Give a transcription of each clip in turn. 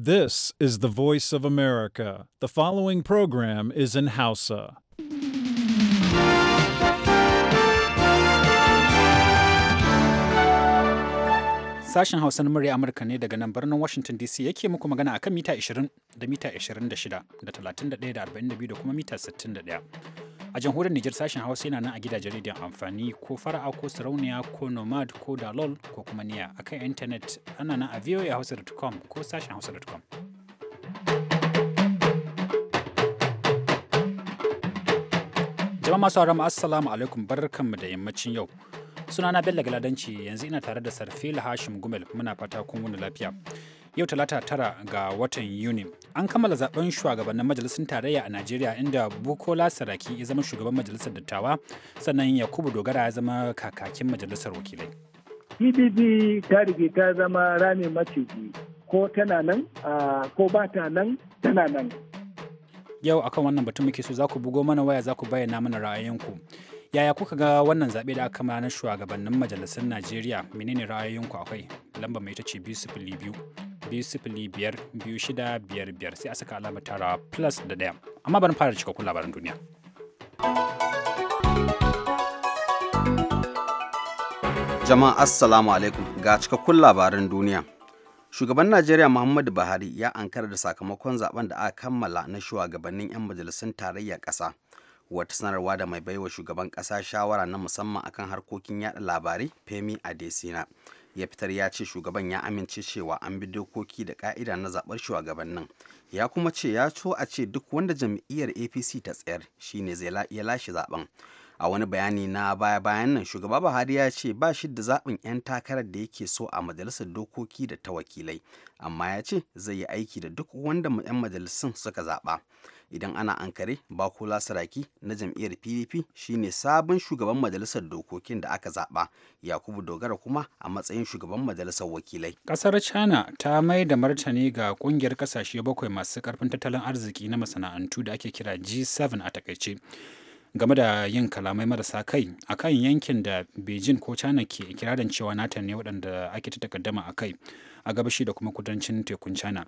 This is the voice of America. The following program is in Hausa. Sashen Hausa na murya Amurka ne daga nan birnin Washington DC yake muku magana akan mita 20 da mita 26 da 31 da 42 da kuma mita 61. a jamhuriyar Nijar sashen Hausa yana nan a gida rediyon amfani ko fara'a ko sarauniya ko nomad ko dalol ko kuma niya akan intanet ana nan a voahausa.com ko sashen hausa.com. Jama'a masu haramu assalamu alaikum barkanmu da yammacin yau. Sunana Bello Galadanci yanzu ina tare da Sarfila Hashim Gumel muna fata kun wuni lafiya. yau talata tara ga watan yuni an kammala zaben shugabannin majalisun tarayya a najeriya inda bukola saraki ya zama shugaban majalisar dattawa sannan yakubu dogara ya zama kakakin majalisar wakilai pdp ta rige ta zama rami maciji ko tana nan ko ba ta nan tana nan yau akan wannan batun muke so za ku bugo mana waya za ku bayyana mana ra'ayinku yaya kuka ga wannan zaɓe da aka na shugabannin majalisar najeriya menene ra'ayinku akwai lamba mai ita ce biyu sifili biyu biyar sai a saka alamar tara plus da ɗaya amma bari fara cikakkun labaran duniya jama'a assalamu alaikum ga cikakkun labaran duniya shugaban najeriya muhammadu buhari ya ankara da sakamakon zaben da aka kammala na shugabannin 'yan majalisun tarayya ƙasa wata sanarwa da mai baiwa shugaban ƙasa shawara na musamman akan harkokin yada labarai femi adesina ya fitar ya ce shugaban ya amince cewa an bi dokoki da ka'ida na zaɓar shugabannin ya kuma ce ya co a ce duk wanda jam'iyyar apc ta tsayar shine zai ya lashe zaben a wani bayani na baya bayan nan shugaba buhari ya ce ba shi da zaɓin 'yan takarar da yake so a majalisar dokoki da ta wakilai amma ya ce zai yi aiki da duk wanda 'yan majalisun suka zaɓa idan ana ankare bakula saraki na jam'iyyar pdp shine sabon shugaban majalisar dokokin da aka zaɓa yakubu dogara kuma a matsayin shugaban majalisar wakilai ƙasar china ta mai da martani ga ƙungiyar ƙasashe bakwai masu ƙarfin tattalin arziki na masana'antu da ake kira g7 a takaice game da yin kalamai marasa kai a kan yankin da beijing ko china ke ikirarin cewa nata ne waɗanda ake ta takaddama a kai a gabashi da kuma kudancin tekun china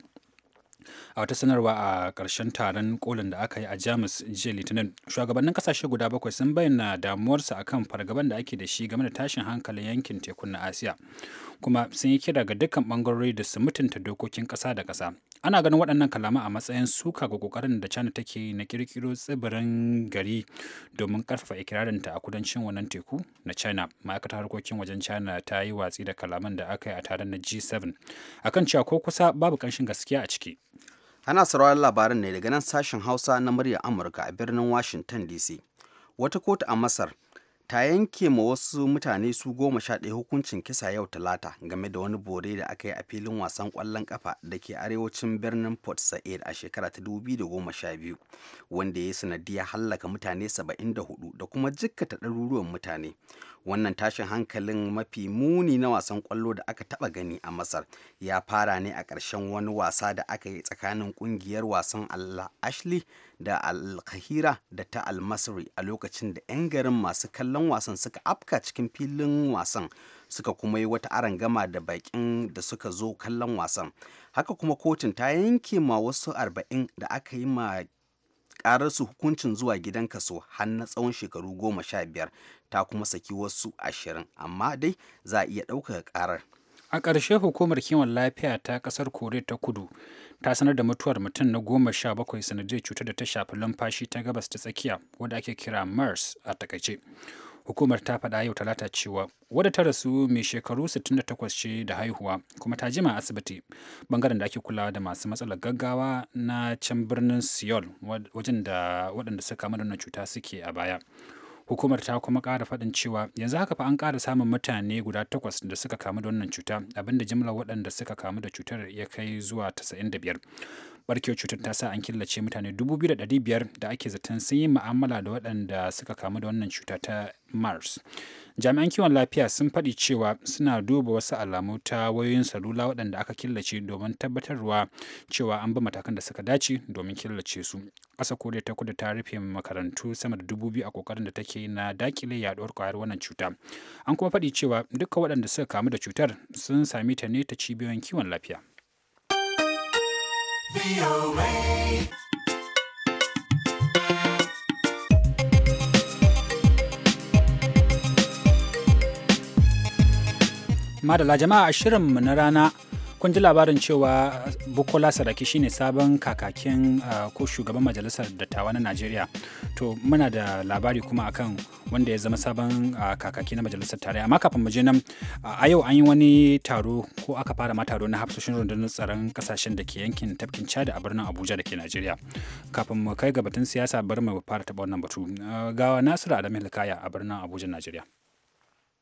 a wata sanarwa a karshen taron kolin da aka yi a jamus jiya litinin shugabannin kasashe guda bakwai sun bayyana damuwarsa akan fargaban da ake da shi game da tashin hankalin yankin tekun na asiya kuma sun yi kira ga dukkan bangarori da su mutunta dokokin ƙasa da ƙasa ana ganin waɗannan kalama a matsayin suka ga ƙoƙarin da china take yi na kirkiro tsibirin gari domin ƙarfafa ikirarinta a kudancin wannan teku na china ma'aikatar harkokin wajen china ta yi watsi da kalaman da aka yi a taron na g7 akan cewa ko kusa babu ƙanshin gaskiya a ciki Ana sauraron labaran ne daga nan sashen Hausa na muryar Amurka a birnin Washington DC. Wata kotu a Masar ta yanke ma wasu mutane su goma sha ɗaya hukuncin kisa yau talata game da wani bore da aka yi a filin wasan kwallon ƙafa da ke arewacin birnin port said a shekara ta sha biyu wanda ya sanadiyar hallaka mutane 74 da kuma jikkata ɗaruruwan mutane wannan tashin hankalin mafi muni na wasan kwallo da aka taba gani a masar ya fara ne a ƙarshen wani wasa da aka yi tsakanin ƙungiyar wasan allah ashley da alkahira da ta almasri a lokacin da 'yan garin masu kallon wasan suka afka cikin filin wasan suka kuma yi wata arangama da baƙin da suka zo kallon wasan haka kuma kotun ta yanke ma wasu arba'in da aka yi ma ƙararsu hukuncin zuwa gidan kaso har na tsawon shekaru goma sha biyar ta kuma saki wasu ashirin amma dai za a iya ɗaukaka ƙarar a ƙarshe hukumar kiwon lafiya ta ƙasar koriya ta kudu ta sanar da mutuwar mutum na goma sha bakwai sanadiyar cutar da ta shafi lumfashi ta gabas ta tsakiya wadda ake kira mars a takaice hukumar ta faɗa yau talata cewa wadda ta rasu mai shekaru 68 ce da haihuwa kuma ta jima asibiti bangaren da ake kula da masu matsalar gaggawa na can birnin seoul wajen da waɗanda suka kamu da cuta suke a baya hukumar ta kuma ƙara faɗin cewa yanzu haka fa an kara samun mutane guda takwas da suka kamu da wannan cuta abinda jimlar waɗanda suka kamu da cutar ya kai zuwa 95 barkewar cutar ta sa an killace mutane 2,500 da ake zaton sun yi ma'amala da waɗanda suka kamu da wannan cuta ta mars jami'an kiwon lafiya sun faɗi cewa suna duba wasu alamu ta wayoyin salula waɗanda aka killace domin tabbatarwa cewa an bi matakan da suka dace domin killace su ƙasa koriya ta kudu ta rufe makarantu sama da dubu biyu a kokarin da take na dakile yaɗuwar ƙwayar wannan cuta an kuma faɗi cewa dukkan waɗanda suka kamu da cutar sun sami ta ne ta cibiyoyin kiwon lafiya Madala jama'a shirinmu na rana kun ji labarin cewa bukola saraki shine sabon kakakin ah, ko shugaban majalisar dattawa na najeriya to muna da labari kuma akan wanda ya zama sabon ah, kakaki na majalisar tarayya amma kafin mu je nan a yau an yi wani taro ko aka fara ma taro na hafsoshin rundunar tsaron kasashen da ke yankin tafkin chad a birnin abuja da ke najeriya kafin mu kai ga batun siyasa bari mu fara taɓa wannan batu ah, ga nasiru adamu hilkaya a birnin abuja najeriya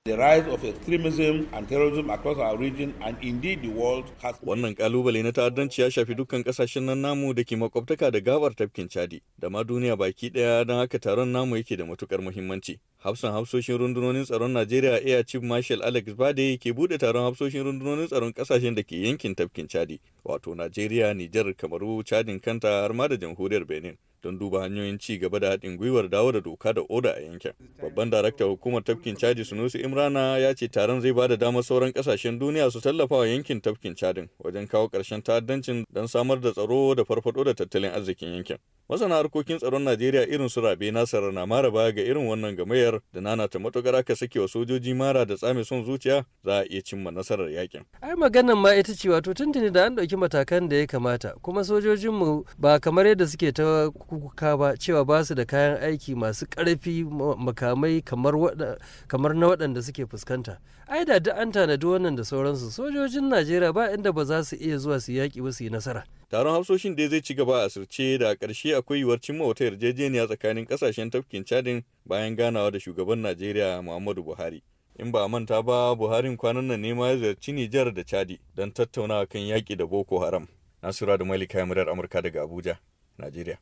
The rise of extremism and terrorism across our region and indeed the world has Wannan kalubale na ta'addanci ya shafi dukkan kasashen nan namu da ke makwabtaka da gabar tafkin Chadi da ma duniya baki daya don haka taron namu yake da matukar muhimmanci. Hafsan hafsoshin rundunonin tsaron Najeriya Air Chief Marshal Alex Bade ke bude taron hafsoshin rundunonin tsaron kasashen da ke yankin tafkin Chadi wato Najeriya, Nijar, Kamaru, Chadin kanta har ma da jamhuriyar Benin. don duba hanyoyin ci gaba da haɗin gwiwar dawo da doka da oda a yankin. Babban darakta hukumar tafkin caji Sunusi Imrana ya ce taron zai bada damar sauran kasashen duniya su tallafa wa yankin tafkin cadin wajen kawo ƙarshen ta'addancin don samar da tsaro da farfaɗo da tattalin arzikin yankin. Masana harkokin tsaron Najeriya irin su Rabe Nasar na mara baya ga irin wannan gamayyar da nana ta matukar aka sakewa sojoji mara da tsame son zuciya za a iya cimma nasarar yakin. Ai maganan ma ita ce wato tuntuni da an ɗauki matakan da ya kamata kuma sojojinmu ba kamar yadda suke ta kuka ba cewa ba su da kayan aiki masu karfi makamai kamar na waɗanda suke fuskanta ai da duk an tanadi wannan da sauransu sojojin najeriya ba inda ba za su iya zuwa su yaƙi ba su yi nasara taron hafsoshin dai zai ci gaba a asirce da karshe akwai yiwuwar cimma wata yarjejeniya tsakanin kasashen tafkin cadin bayan ganawa da shugaban najeriya muhammadu buhari in ba manta ba buhari kwanan nan ne ma ya ziyarci nijar da chadi don tattaunawa kan yaƙi da boko haram nasura da malika murar amurka daga abuja najeriya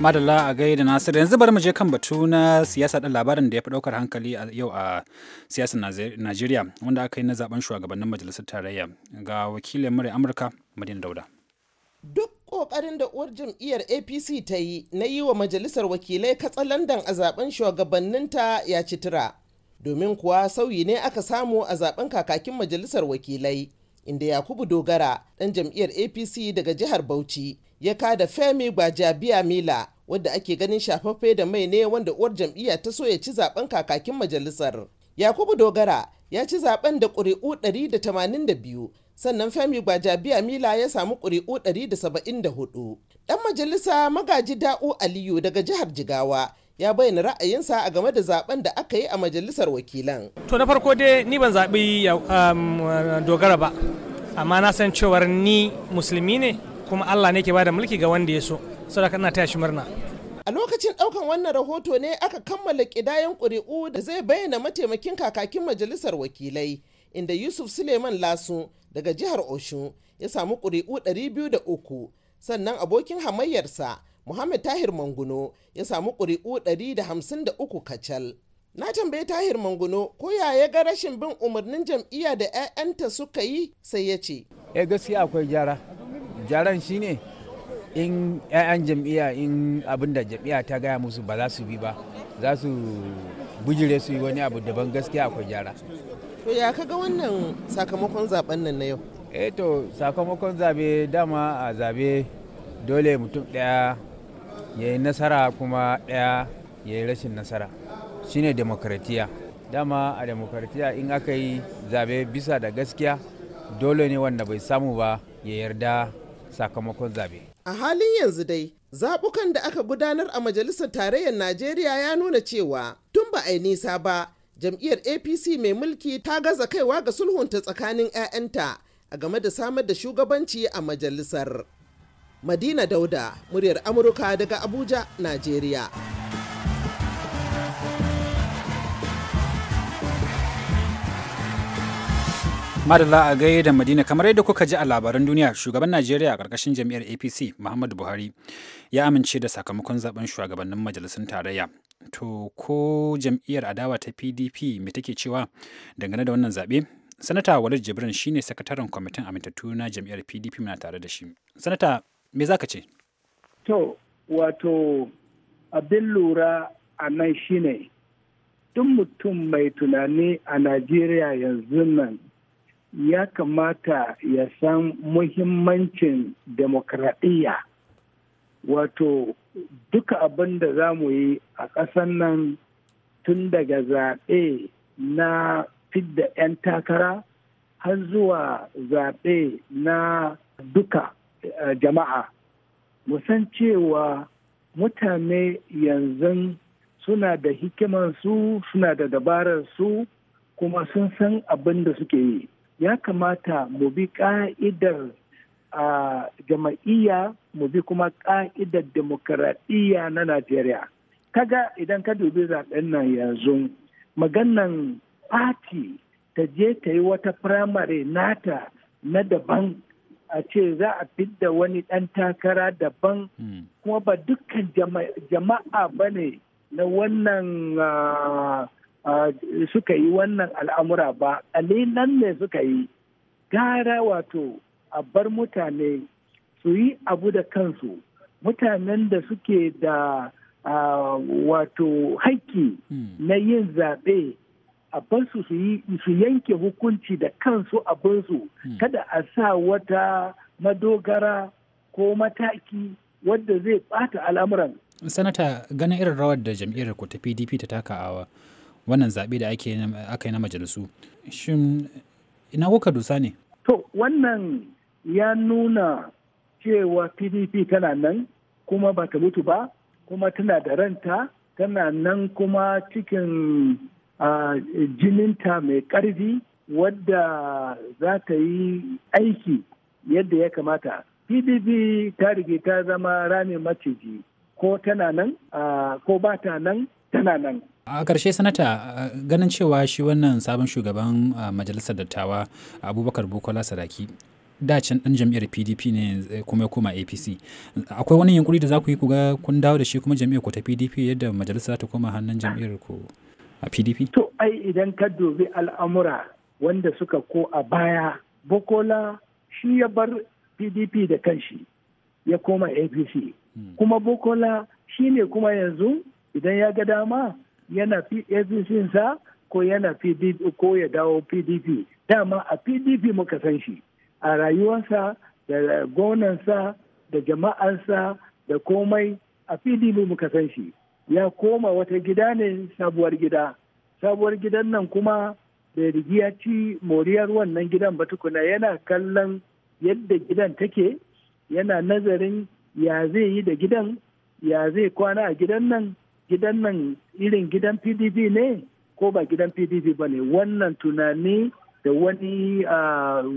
madalla a gaida nasir yanzu bari mu je kan batu na siyasa da labarin da ya fi daukar hankali a yau a siyasar najeriya wanda aka yi na zaben shugabannin majalisar tarayya ga wakilin murya amurka madina dauda duk kokarin da uwar jam'iyyar apc ta yi na yi wa majalisar wakilai katsalandan a zaben shugabanninta ya citira domin kuwa sauyi ne aka samu a zaben kakakin majalisar wakilai inda yakubu dogara dan jam'iyyar apc daga jihar bauchi ya kada Femi Mila wadda ake ganin shafaffe da mai ne wanda uwar jam'iyya ta so ya ci zaben kakakin majalisar. Yakubu Dogara ya ci zaben da ƙuri'u 182 sannan Femi Mila ya samu ƙuri'u 174. Ɗan majalisa magaji Da'u Aliyu daga jihar Jigawa ya bayyana ra'ayinsa a game da zaben da aka yi a majalisar wakilan. To na farko dai ni ban zaɓi um, dogara ba, amma na san cewar ni musulmi ne kuma Allah ne ke bada mulki ga wanda ya so saboda kana taya shi murna a lokacin daukan wannan rahoto ne aka kammala kidayen ƙuri'u da zai bayyana mataimakin kakakin majalisar wakilai inda Yusuf Suleiman Lasu daga jihar Oshun ya samu ƙuri'u 203 sannan abokin hamayyarsa Muhammad Tahir Manguno ya samu ƙuri'u 153 kacal. Na tambayi Tahir Manguno ko ya ya ga rashin bin umarnin jam'iyya da 'ya'yanta suka yi sai ya ce. Eh gaskiya akwai gyara. jaran shine in 'ya'yan jam'iyya in abin da jam'iyya ta gaya musu ba za su bi ba za su bujire su yi wani abu daban gaskiya akwai jara to ya kaga wannan sakamakon zaben nan na yau eh to sakamakon zabe dama a zabe dole mutum ɗaya ya yi nasara kuma ɗaya ya yi rashin nasara shine demokratiya dama a demokratiya in aka yi zabe bisa da gaskiya dole ne wanda bai samu ba ya yarda sakamakon zabe. A halin yanzu dai, zaɓukan da aka gudanar a Majalisar Tarayyar Najeriya ya nuna cewa tun ba a yi nisa ba, jam'iyyar APC mai mulki ta gaza kaiwa ga sulhunta tsakanin 'ya'yanta a game da samar da shugabanci a majalisar. Madina Dauda, muryar Amurka daga Abuja, Najeriya. madalla a gaida da madina kamar yadda kuka ji a labaran duniya shugaban najeriya a ƙarƙashin jam'iyyar apc muhammadu buhari ya amince da sakamakon zaben shugabannin majalisun tarayya to ko jam'iyyar adawa ta pdp me take cewa dangane da wannan zaɓe sanata walid jibrin shine sakataren kwamitin amintattu na jam'iyyar pdp muna tare da shi sanata me zaka ce to wato abin lura a nan shine duk mutum mai tunani a najeriya yanzu nan ya kamata ya san muhimmancin demokradiyya wato duka abin da za mu yi a ƙasan nan tun daga zaɓe na fidda 'yan takara har zuwa zaɓe na duka eh, jama'a mu san cewa mutane yanzu suna da hikimansu suna da dabararsu kuma sun san abin da suke yi ya kamata mu bi ka'idar a jama'iyya mu bi kuma ka'idar demokaradiyya na najeriya kaga idan ka dubi zaben nan yanzu maganan fati ta je ta yi wata firamare nata na daban a ce za a fidda wani ɗan takara daban hmm. kuma ba dukkan jama'a ba ne na wannan suka yi wannan al'amura ba ƙalilan ne suka yi gara wato a bar mutane su yi abu da kansu mutanen da suke da wato haƙƙi hmm. na yin zaɓe a bar su su yanke hukunci da kansu abinsu hmm. kada a sa wata madogara ko mataki wadda zai ɓata al'amuran sanata ganin irin rawar da jam'iyyar ku ta pdp ta taka awa wannan zaɓe da aka yi na majalisu shin ina kuka dusa ne to wannan ya nuna cewa pdp tana nan kuma ba ta mutu ba kuma tana da ranta tana nan kuma cikin jininta mai ƙarfi wadda za ta yi aiki yadda ya kamata pdp ta rige ta zama ramin maciji ko tana nan ko ba ta nan tana nan a ƙarshe sanata ganin cewa shi wannan sabon shugaban majalisar dattawa abubakar bukola sadaki dacin ɗan jam'iyyar pdp ne eh, kuma ya koma apc akwai wani yunkuri da za ku yi kuga kun dawo da shi kuma jam'iyyar ku ta pdp yadda majalisar ta koma hannun jam'iyyar ku a pdp to ai idan ka dubi al'amura wanda suka ko a baya bukola shi ya bar pdp da kanshi ya koma apc hmm. kuma bukola shi ne kuma yanzu idan ya ga dama yana apc sa ko yana pdp ko ya dawo pdp dama a pdp muka san shi a rayuwarsa da gonansa da jama'ansa da komai a pdp muka san shi ya koma wata gida ne sabuwar gida sabuwar gidan nan kuma da rigiya ci moriyar wannan gidan ba tukuna yana kallon yadda gidan take yana nazarin ya zai yi da gidan ya zai kwana a gidan nan gidan nan irin gidan pdp ne ko ba gidan pdp ba ne wannan tunani da wani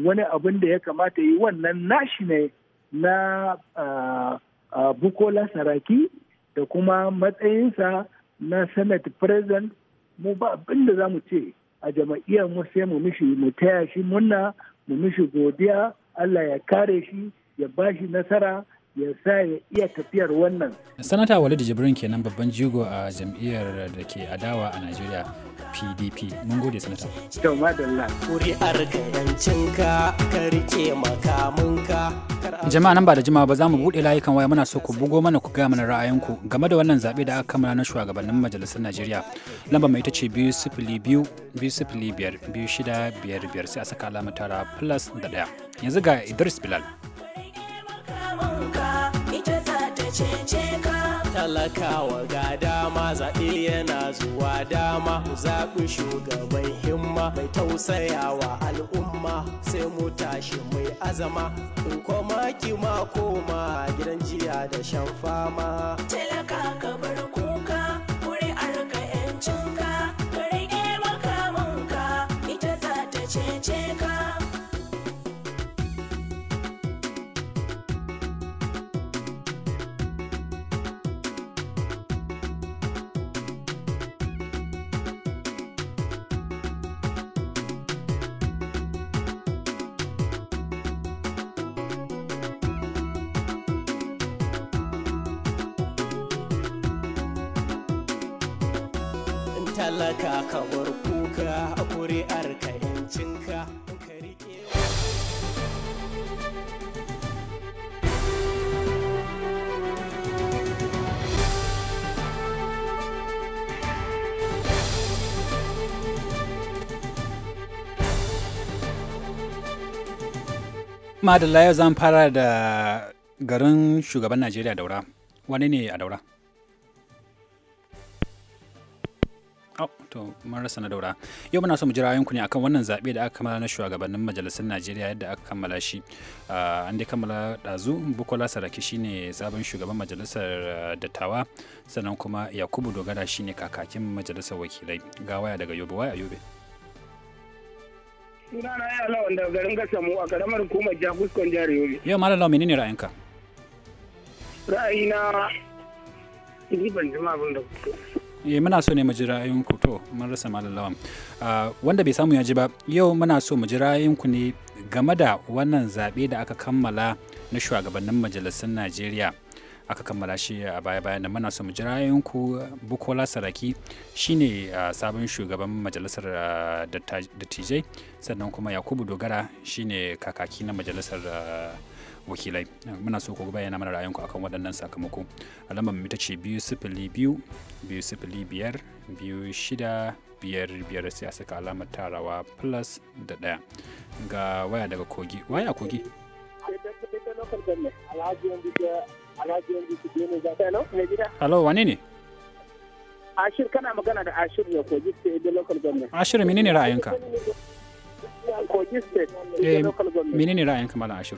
wani abin da ya kamata yi wannan nashi ne na bukola saraki da kuma matsayinsa na senate president mu ba abin da za mu ce a jama'iyyar mu sai mu mishi mu taya shi munna mu mishi godiya allah ya kare shi ya bashi nasara ya sa ya iya tafiyar wannan. Sanata Walidu Jibrin kenan babban jigo a jam'iyyar da ke adawa a Najeriya PDP. Mun gode sanata. Kyau madalla. Kuri'ar ka yancinka ka rike makaminka. Jama'a nan ba da jimawa ba za mu buɗe layukan waya muna so ku bugo mana ku gaya mana ra'ayinku game da wannan zaɓe da aka kammala na shugabannin majalisar Najeriya. Lamba mai ita ce biyu sifili biyu biyu sifili biyar biyu shida biyar biyar sai a saka alamatara tara plus da ɗaya. Yanzu ga Idris Bilal. cece talakawa ga dama zaɓe yana zuwa dama ku zaɓi shugaban himma mai tausayawa al'umma sai mu tashi mai azama in koma kima koma gidan jiya da shan fama talaka madalla yau zan fara da garin shugaban najeriya daura wani ne a daura oh, to mun rasa na daura yau muna so mu jira ku ne akan wannan zaɓe da aka kammala na shugabannin majalisar najeriya yadda aka kammala shi ah, an dai kammala ɗazu bukola saraki shine sabon shugaban majalisar ah, dattawa sannan kuma yakubu dogara shine kakakin majalisar wakilai ga waya daga yobe waya yobe Suna na yana lawan da garin Gasamu a karamar hukumar Jakuskon jihar Yobe. Yau Malam Lawan menene ra'ayinka? Ra'ayina ni ban jima abin da Eh muna so ne mu ji ku to mun rasa Malam Lawan. Ah, wanda bai samu ya ji ba yau muna so mu ji ku ne game da wannan zaɓe da aka kammala na shugabannin majalisun Najeriya. aka kammala shi a baya-bayan nan muna so mu jira ku bukola saraki shine sabon shugaban majalisar dattijai sannan kuma yakubu dogara shine kakaki na majalisar wakilai muna so ku bayyana mana ra'ayinku akan waɗannan sakamako alamar mu ita ce biyu sifili biyu biyu sifili biyar biyu shida biyar biyar sai a saka alamar tarawa plus da ɗaya ga waya daga kogi waya kogi hello mai wane ne? Ashir kana magana da Ashir ne Kogi State da local government. Ashir menene ra'ayinka? Kogi State da eh, local government. Menene ra'ayinka malam Ashir?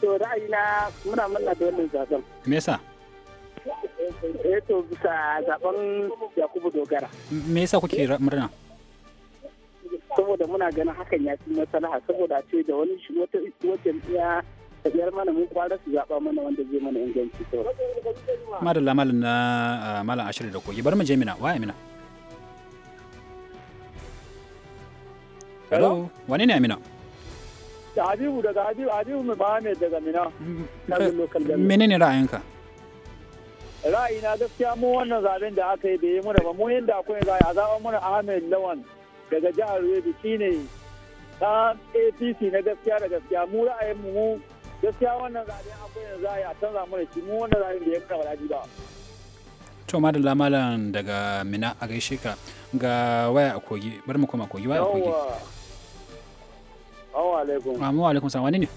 To ra'ayina muna murna da wannan zaben. Me yasa? Eh to bisa zaben Yakubu Dogara. Me yasa kuke murna? Saboda muna ganin hakan ya fi masana saboda ce da wani shi wata jam'iyya tafiyar mana mun inganci to na malam ashirin da kogi bar mu je mina waye mina hello ne amina da daga ra'ayina gaskiya mu wannan zaben da aka yi da yi mu ba mu yadda akwai zaya a zaben mana ahmed lawan daga jihar yobe shine ta apc na gaskiya da gaskiya mu ra'ayin mu gaskiya wannan zaɓen akwai yanzu a canza mana shi mu wannan zaɓen da ya muna wadaji ba to madalla lamalan daga mina a gaishe ka ga waya a kogi bari mu koma kogi waya a kogi awa alaikum. Assalamu alaikum salam wani ne?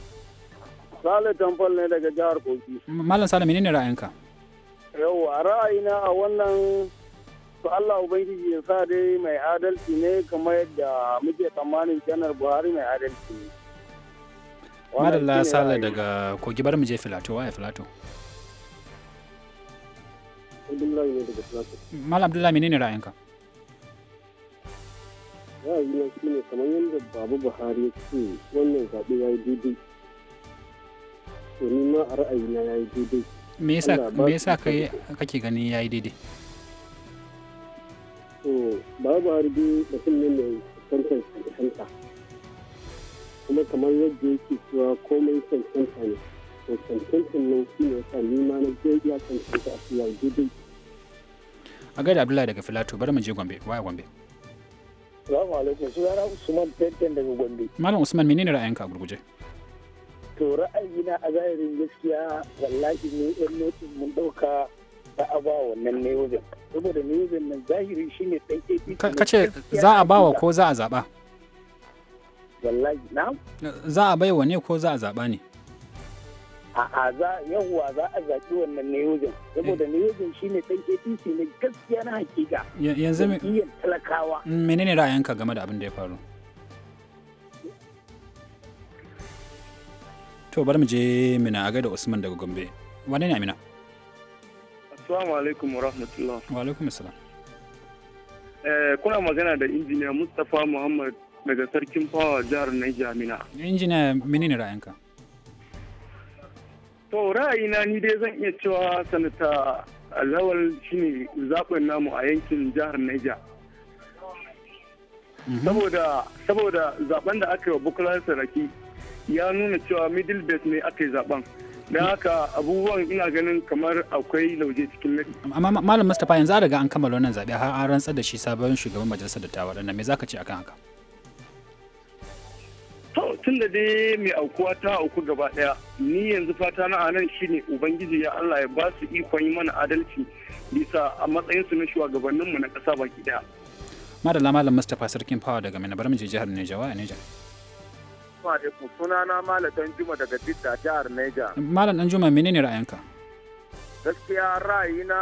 Sale Tamfal ne daga jihar Kogi. Malam Sale menene ra'ayinka? Yawwa ra'ayina a wannan to Allah Ubangiji ya sa dai mai adalci ne kamar yadda muke tsammanin janar Buhari mai adalci ne. madalla sala daga kogi bari mu je filato waye filato malam abdullahi menene ra'ayinka na shi ne kamar yadda babu buhari ya ce wannan zaɓe ya yi daidai to ni ma a na ya yi daidai me yasa kai kake gani ya yi daidai to babu buhari dai mutum ne mai tantan hanta kuma kamar yadda yake cewa komai cancanta ne to cancantan nan shi ne sa ni ma na je ya cancanta a fiya daidai a gaida abdullahi daga filato bari mu je gombe waya gombe salamu alaikum sunana usman fentan daga gombe malam usman menene ra'ayinka a gurguje to ra'ayi na a zahirin gaskiya wallahi ne yan notin mun dauka za a ba wannan ne wajen saboda ne wajen nan zahiri shine dan APC kace za a bawa ko za a zaba wallahi na za a baiwa ne ko za a zaɓa ne a'a za yawwa za a zaɓi wannan neogen saboda shi shine ɗan apc ne gaskiya na hakika yanzu jam'iyyar talakawa mm, menene ra'ayinka game da abin da ya faru to bari mu je mina a gaida usman daga gombe wane ne amina assalamu alaikum wa rahmatullah wa alaikum assalam eh, kuna magana da injiniya mustapha muhammad daga sarkin fawa jihar Niger Mina. Injiniya menene ra'ayinka? To ra'ayina ni dai zan iya cewa sanata Lawal shine zaɓen namu a yankin jihar Niger. Mhm. Saboda saboda zaben da aka yi wa Bukola Saraki ya nuna cewa middle base ne aka yi zaben. da haka abubuwan ina ganin kamar akwai lauje cikin nadi. amma malam mustapha yanzu an riga an kammala wannan zaɓe har an rantsar da shi sabon shugaban majalisar dattawa ɗan me zaka ce akan haka tun da dai mai aukuwa ta auku gaba daya ni yanzu fata na anan shine ubangiji ya Allah ya ba su ikon yi mana adalci bisa a matsayin su na shugabannin mu na kasa baki daya madalla malam mustapha sarkin fawa daga mai nabar miji jihar Nijawa a Nijar suna na malam dan juma daga Jidda jihar Niger malam dan juma menene ra'ayinka gaskiya ra'ayina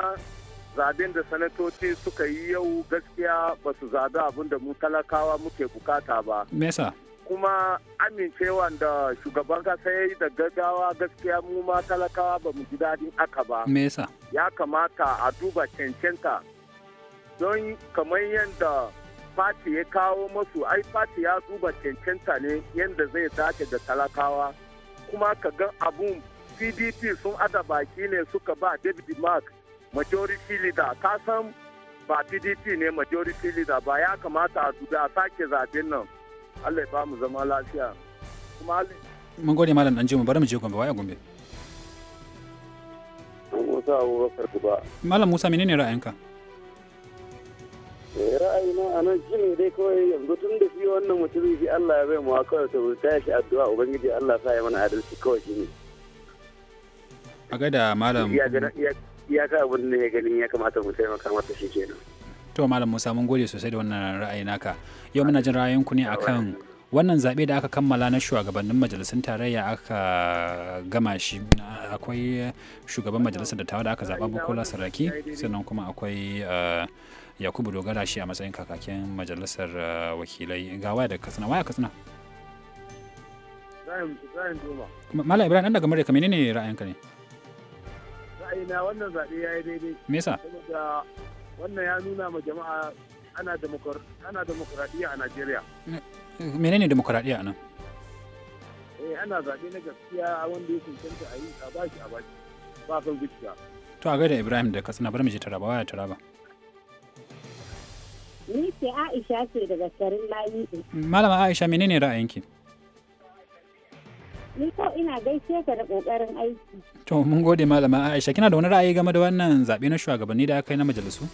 zaben da sanatoci suka yi yau gaskiya ba su zabi abin da mu talakawa muke bukata ba me yasa kuma amincewa da shugaban kasa ya yi da gaggawa gaskiya mu ma talakawa ba mu ji daɗin aka ba. Mesa. Ya kamata a duba cancanta don kamar yadda fati ya kawo masu ai fati ya duba cancanta ne yadda zai dace da talakawa kuma ka ga abun pdp sun ada baki ne suka ba david mark majority leader ka san ba pdp ne majority leader ba ya kamata a duba a sake zaben nan. Allah ya ba mu zama lafiya kuma mun gode malam dan jima bari mu je gombe waya gombe Musa Abubakar ba Malam Musa menene ra'ayinka eh, ra'ayina a nan shi ne dai kawai yanzu tun da shi wannan mutum shi Allah ya bai mu kawai ta ta shi addu'a ubangiji Allah sa ya mana adalci kawai shi ne a gaida malam ka abin da ya ganin ya kamata mu taimaka shi kenan to malam musa mun gode sosai da wannan ra'ayi naka yau muna jin ra'ayinku ne akan wannan zaɓe da aka kammala na shugabannin majalisun tarayya aka gama shi akwai shugaban majalisar dattawa da aka zaɓa bukola saraki sannan kuma akwai eh, yakubu dogara shi a matsayin kakakin majalisar eh, wakilai ga waya da katsina waya katsina Mala Ibrahim ɗan daga Amurka menene ra'ayinka ne? Ra'ayina wannan zaɓe ya yi daidai. Me yasa? Saboda wannan ya nuna ma jama'a ana demokuraɗiyya a najeriya menene demokuraɗiyya a nan eh ana zaɓe na gaskiya wanda ya cancanta a yi a bashi a bashi ba kan zuciya to a gaida ibrahim da katsina bari mu je taraba waya taraba ni ce aisha ce daga sarin layi malama aisha menene ra'ayinki ni ko ina gaishe ka da kokarin aiki. To mun gode malama Aisha kina da wani ra'ayi game da wannan zaɓe na shugabanni da aka yi na majalisu?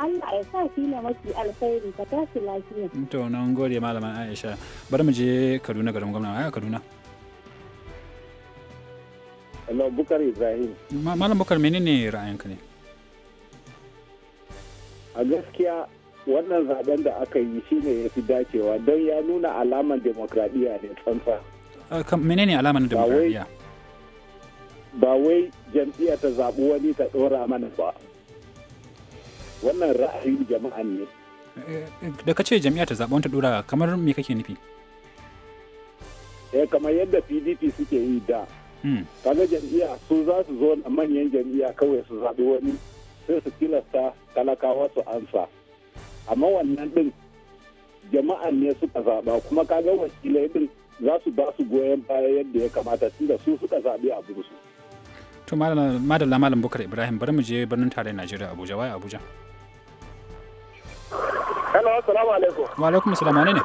Allah ya sa shi ne mafi alkhairi ka tashi lafiya. To nan gode malama Aisha bari mu je Kaduna garin gwamna haka Kaduna. Allah Bukar Ibrahim. Malam Bukar menene ra'ayinka ne? A gaskiya wannan zaben da aka yi shine ya fi dacewa don ya nuna alaman demokradiyya ne tsantsa. Ah, menene alaman demokradiyya? Ba wai jam'iyya ta zaɓi wani ta ɗora mana ba. Wannan ra'ayin jama'an ne. Eh, eh, da ka ce jam'iyya ta zaɓi wani ta ɗora kamar me kake nufi? Eh kamar yadda PDP suke yi da. Hmm. Kaga jam'iyya su za su zo manyan jam'iyya kawai su zaɓi wani sai su tilasta talakawa su ansa. amma wannan din jama'a ne suka zaɓa kuma kaga wakilai din za su ba su goyon baya yadda ya kamata tunda su suka zaɓi a su. to madalla malam bukar ibrahim bari mu je birnin tarayyar najeriya abuja waye abuja. hello assalamu alaikum. wa alaikum assalam ne ne.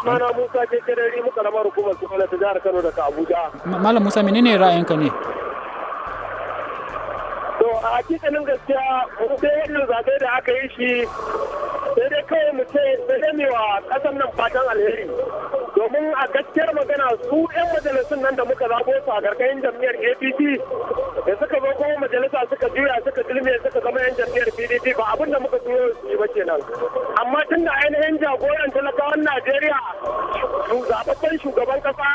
Mana Musa ke kere muka lamar hukumar su ta jihar Kano daga Abuja. Malam Musa menene ra'ayinka ne? a hakikanin gaskiya sai wannan zaɓe da aka yi shi sai dai kawai mu ce sai wa ƙasar nan fatan alheri domin a gaskiyar magana su 'yan majalisun nan da muka zaɓo su a gargayin jam'iyyar apc da suka zo kuma majalisa suka juya suka gilme suka zama 'yan jam'iyyar pdp ba abin da muka tuyo su ji ba kenan amma tun da ainihin jagoran talakawan najeriya zaɓaɓɓen shugaban ƙasa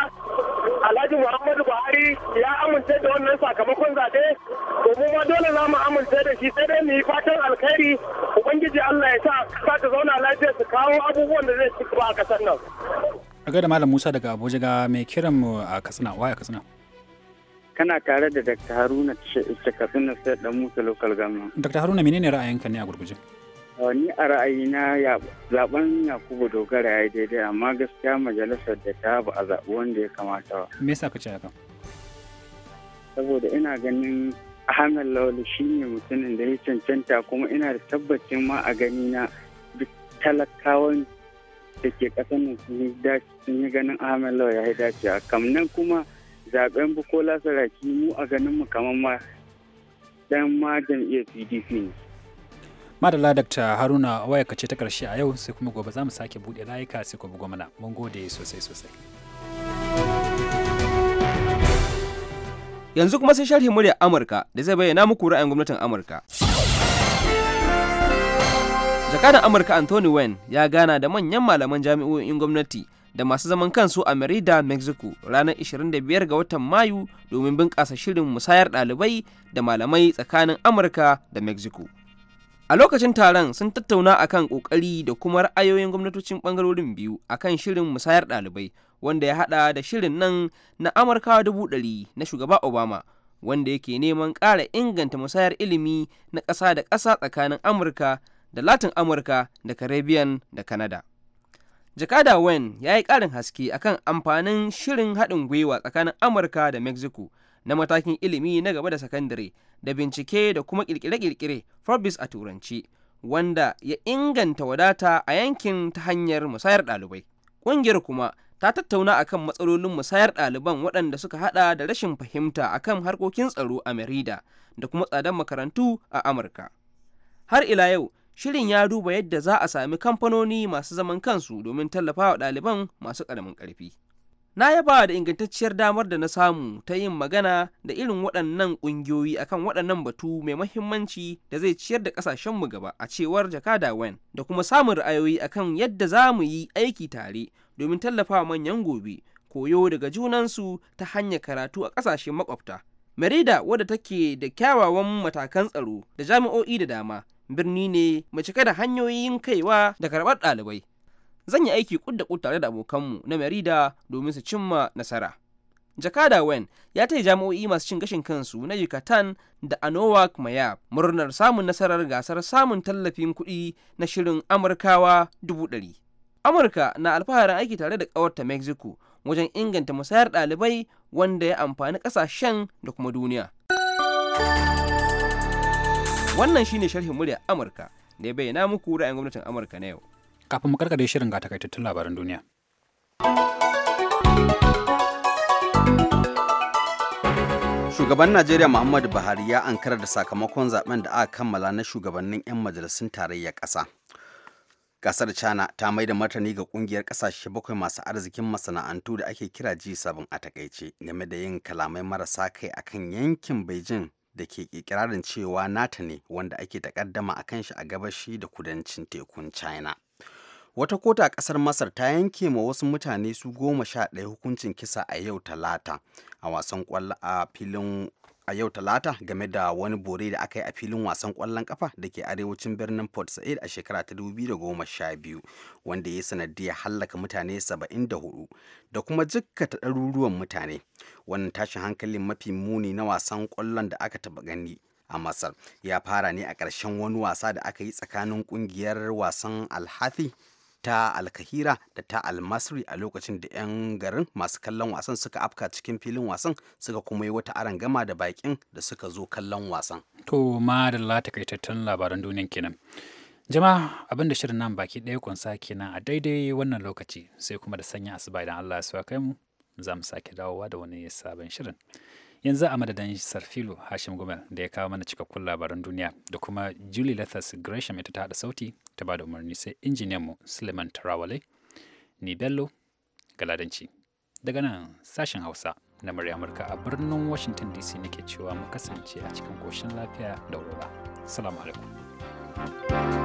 Alhaji Muhammadu Buhari ya amince da wannan sakamakon zaɓe to mu ma dole za mu amince da shi sai dai mu yi fatan alkhairi ubangiji Allah ya sa ka ta zauna lafiya su kawo abubuwan da zai ci gaba a kasar nan. A gaida Malam Musa daga Abuja ga mai kiran mu a Katsina waya Katsina. Kana tare da Dr. Haruna Katsina sai da Musa local government. Dr. Haruna menene ra'ayinka ne a gurguje? ni a ra'ayina zaɓen yakubu dogara ya yi daidai amma gaskiya majalisar da ta ba a zaɓi wanda ya kamata ba me yasa ka haka saboda ina ganin ahmed lawal shine mutumin da ya cancanta kuma ina da tabbacin ma a gani na duk talakawan da ke ƙasar nan sun yi ganin ahmed lawal ya yi dacewa kamnan kuma zaben bukola saraki mu a ganin mu kamar ma dan ma jam'iyyar pdp ne madala dakta haruna wayaka ce ta karshe a yau sai kuma gobe za mu sake buɗe layuka sai kuma gwamna mun gode sosai sosai yanzu kuma sai sharhi murya amurka da zai bayyana muku ra'ayin gwamnatin amurka jakadan amurka anthony wen ya gana da manyan malaman jami'o'in gwamnati da masu zaman kansu a merida mexico ranar 25 ga watan mayu domin bunƙasa shirin musayar ɗalibai da malamai tsakanin amurka da mexico A lokacin taron sun tattauna akan kokari da kuma ra'ayoyin gwamnatocin bangarorin biyu akan shirin musayar ɗalibai wanda ya haɗa da shirin nan na Amurka dubu ɗari na shugaba Obama wanda yake neman ƙara inganta musayar ilimi na ƙasa da ƙasa tsakanin Amurka da Latin Amurka da Caribbean da Canada. Jakada Wen ya yi ƙarin haske akan amfanin shirin haɗin gwiwa tsakanin Amurka da Mexico na matakin ilimi na gaba da sakandare da bincike da kuma kirkire-kirkire forbes a turanci wanda ya inganta wadata a yankin ta hanyar musayar ɗalibai ƙungiyar kuma ta tattauna akan matsalolin musayar ɗaliban waɗanda suka haɗa da rashin fahimta akan harkokin tsaro a merida da kuma tsadar makarantu a amurka har ila yau shirin ya duba yadda za a sami kamfanoni masu zaman kansu domin tallafawa ɗaliban masu ƙaramin ƙarfi na yaba da ingantacciyar damar da na samu ta yin magana da irin waɗannan ƙungiyoyi akan waɗannan batu mai mahimmanci da zai ciyar da ƙasashenmu gaba a cewar jakada wen da kuma samun ra'ayoyi akan yadda za mu yi aiki tare domin tallafa manyan gobe koyo daga junansu ta hanyar karatu a ƙasashen makwabta merida wadda take da kyawawan matakan tsaro da jami'o'i da dama birni ne mai cike da hanyoyin kaiwa da karɓar ɗalibai zan yi aiki kud da tare da abokanmu na merida domin su cimma nasara jakada wen ya taya jami'o'i masu cin gashin kansu na yucatan da anowak mayab murnar samun nasarar gasar samun tallafin kuɗi na shirin amurkawa dubu ɗari amurka na alfaharin aiki tare da ƙawarta mexico wajen inganta musayar ɗalibai wanda ya amfani ƙasashen da kuma duniya wannan shine sharhin murya amurka da ya bayyana muku ra'ayin gwamnatin amurka na yau Kafin mu karkare shirin ga takaitattun labaran duniya. Shugaban Najeriya Muhammadu Buhari ya ankara da sakamakon zaben da aka kammala na shugabannin 'yan majalisun tarayyar ƙasa. Gasar China ta mai da martani ga kungiyar ƙasashe bakwai masu arzikin masana'antu da ake kira G7 a takaice game da yin kalamai marasa kai akan yankin Beijing da ke ikirarin cewa nata ne wanda ake takaddama a kan shi a gabashi da kudancin tekun China. wata kota a ƙasar masar ta yanke ma wasu mutane su goma sha ɗaya hukuncin kisa a yau talata a wasan a filin a yau talata game da wani bore da aka yi a filin wasan kwallon kafa da ke arewacin birnin port said a shekara ta 2012 wanda ya ya hallaka mutane saba'in da da kuma jikkata ɗaruruwan mutane wannan tashin hankalin mafi muni na wasan kwallon da aka taɓa gani a masar ya fara ne a ƙarshen wani wasa da aka yi tsakanin ƙungiyar wasan alhafi ta alkahira da ta almasri a lokacin da 'yan garin masu kallon wasan suka afka cikin filin wasan suka kuma yi wata aron gama da bakin da suka zo kallon wasan to ma da labaran duniyan kenan jama'a abin da shirin nan baki ɗaya kunsa kenan a daidai wannan lokaci sai kuma da sanya asuba idan allah ya kai mu za mu sake dawowa da wani sabon shirin yanzu a madadin sarfilu hashim gumel da ya kawo mana cikakkun labaran duniya da kuma julie lethas gresham ita ta haɗa sauti ta ba da umarni sai injiniyan mu suleiman tarawale ni bello galadanci daga nan sashen hausa na murya amurka a birnin washington dc nake cewa mu kasance a cikin koshin lafiya da aurora salamu alaikum